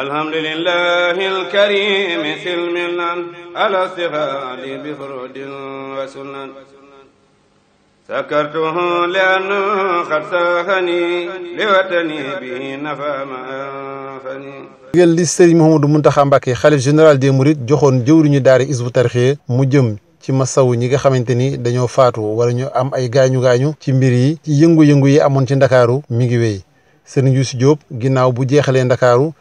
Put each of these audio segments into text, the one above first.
الحمد لله الكريم سلمنا على استفاد بفرود وسنن سكرته لأنه قد joxoon jëwriñu daara Hizbut Tarqiyyah mu jëm ci masawu ñi nga xamante ni dañoo faatu wala ñu am ay gaañu-gaañu ci mbir yi yëngu-yëngu yi amoon ci ndakaaru mi ngi wéy sëriñ Youssou Diop ginnaaw bu jeexalee ndakaaru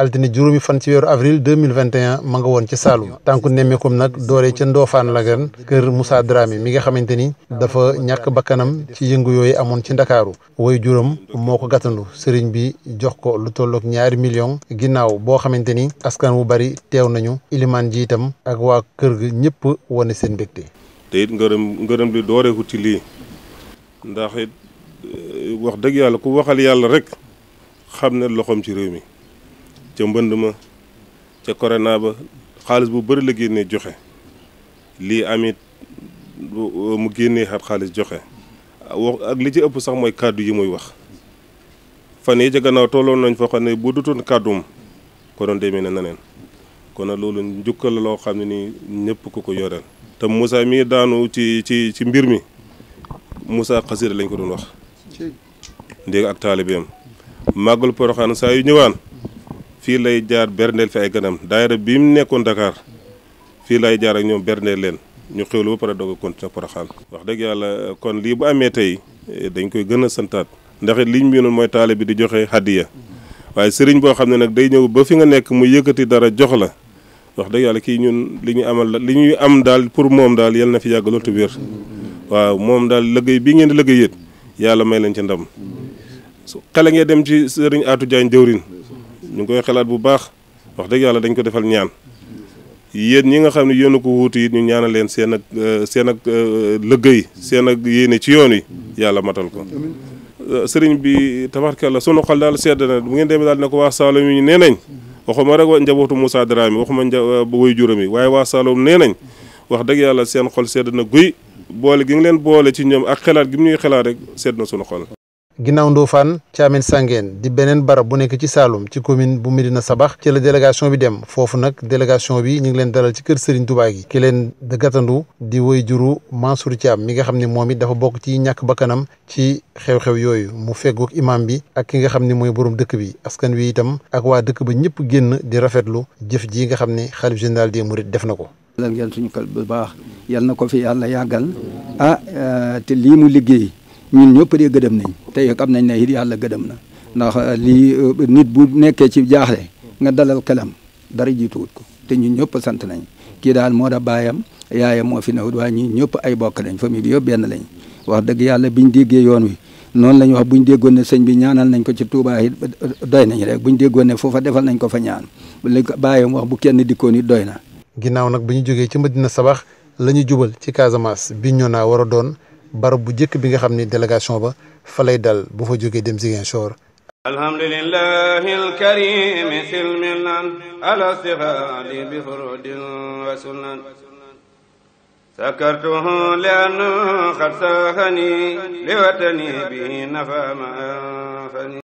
altine juróomi fan ci weeru avril 2021 ma nga woon ci Saalum tànku nemmeekum nag doore ca Ndoofaan la gën kër Moussa Dramé mi nga xamante ni dafa ñàkk bakkanam ci yëngu yooyu amoon ci Ndakaaru woy juróom moo ko gàttandu sëriñ bi jox ko lu tollook ñaari million ginnaaw boo xamante ni askan wu bari teew nañu ilimaan ji itam ak waa kër gi ñëpp wane seen mbégte te it ngërëm ngërëm li dooreeku ci lii ndax eh, wax dëgg yàlla ku waxal yàlla rek xam ne loxoom ci réew mi ca mbënd ma ca corona ba xaalis bu bari la génnee joxe lii amit mu génnee xat xaalis joxe wax ak li ci ëpp sax mooy kàddu yi muy wax fan yi ca gannaaw tolloon nañ foo xam ne bu dutoon kàddum ko doon demee ne neneen kon nag loolu njukkal la loo xam ne nii ñëpp ku ko yoreel te Moussa mii daanu ci ci ci mbir mi Moussa xasida lañ ko doon wax ndéeg ak taalibeem màggal Poroxaan saa yu ñëwaan fii lay jaar berndeel fi ay ganam daayira bii mu nekkoon Dakar fii lay jaar ak ñoom berndeel leen ñu xewlu ba pare doog a continuer Porokhane wax dëgg yàlla kon lii bu amee tey eh, dañ koy gën a santaat ndax liñ mu noonu mooy taale bi di joxe hadiya waaye sëriñ boo xam ne nag day ñëw ba fi nga nekk mu yëkkati dara jox la wax dëgg yàlla kii ñun li ñu amal li ñuy am daal pour moom daal yal na fi yàgg lool te wér waaw moom daal liggéey bi ngeen di yàlla may leen ci ndam xale dem ci sëriñ Atou Diagne jëwrin ñu ngi koy xalaat bu baax wax dëgg yàlla dañ ko defal ñaan yéen ñi nga xam ne yéen ko wuutu ñu ñaanal leen seen ak euh, seen ak euh, lëggéey seen ak yéene ci yoon yi yàlla matal ko euh, sëriñ bi tabarkalla sunu xol daal sedd na bu ngeen demee daal ne ko waa Saloum ñu nee nañ waxuma rek wa njabootu Moussa Dramé waxuma woy juróom yi waaye waa Saloum nee nañ wax dëgg yàlla seen xol sedd na guy boole gi nga leen boole ci ñoom ak xelaat gi mu ñuy xelaat rek sedd na sunu xol ginnaaw Ndofane Thiamène Sangeen di beneen barab bu nekk ci Saloum ci commune bu Medina Sabax ci la délégation bi dem foofu nag délégation bi ñu ngi leen dalal ci kër Serigne Touba yi ki leen gàttandu di woy juru Mansour Thiam mi nga xam ni moom it dafa bokk ci ñàkk bakkanam ci xew-xew yooyu mu feggoog imam bi ak ki nga xam ni mooy borom dëkk bi askan wi itam ak waa dëkk ba ñëpp génn di rafetlu jëf ji nga xam ne xalif général des Mourides def na ko. lan ngeen suñu kër bu baax yal na ko fi yàlla yàggal ah euh, te lii liggéey. ñun ñëpp de gëdëm nañ tey xam nañ ne it yàlla gëdëm na ndax euh, lii euh, nit bu nekkee ci jaaxle nga dalal xelam dara jiituwut ko te ñun ñëpp sant nañ kii daal moo da baayam yaayam moo fi newut waaye ñun ñëpp ay bokk lañ famille bi yëpp benn lañ wax dëgg yàlla biñ déggee yoon wi noonu la ñu wax buñ déggoon ne sëñ bi ñaanal nañ ko ci Touba it doy nañ rek buñ déggoon ne foofa defal nañ ko fa ñaan li ko baayam wax bu kenn dikkoon it doy na ginnaaw nag bi ñu jógee ci Madina Sabax la ñu jubal ci Casamance bi ñoo naa war a doon barab bu njëkk bi nga xam ne délégation ba fa lay dal bu fa jógee dem Ziguinchor alhamdulillahi alkarim silmilan alastighali bi furudin wa sunan sakartuhu lian qad sahani liwatani bi nafa ma anfani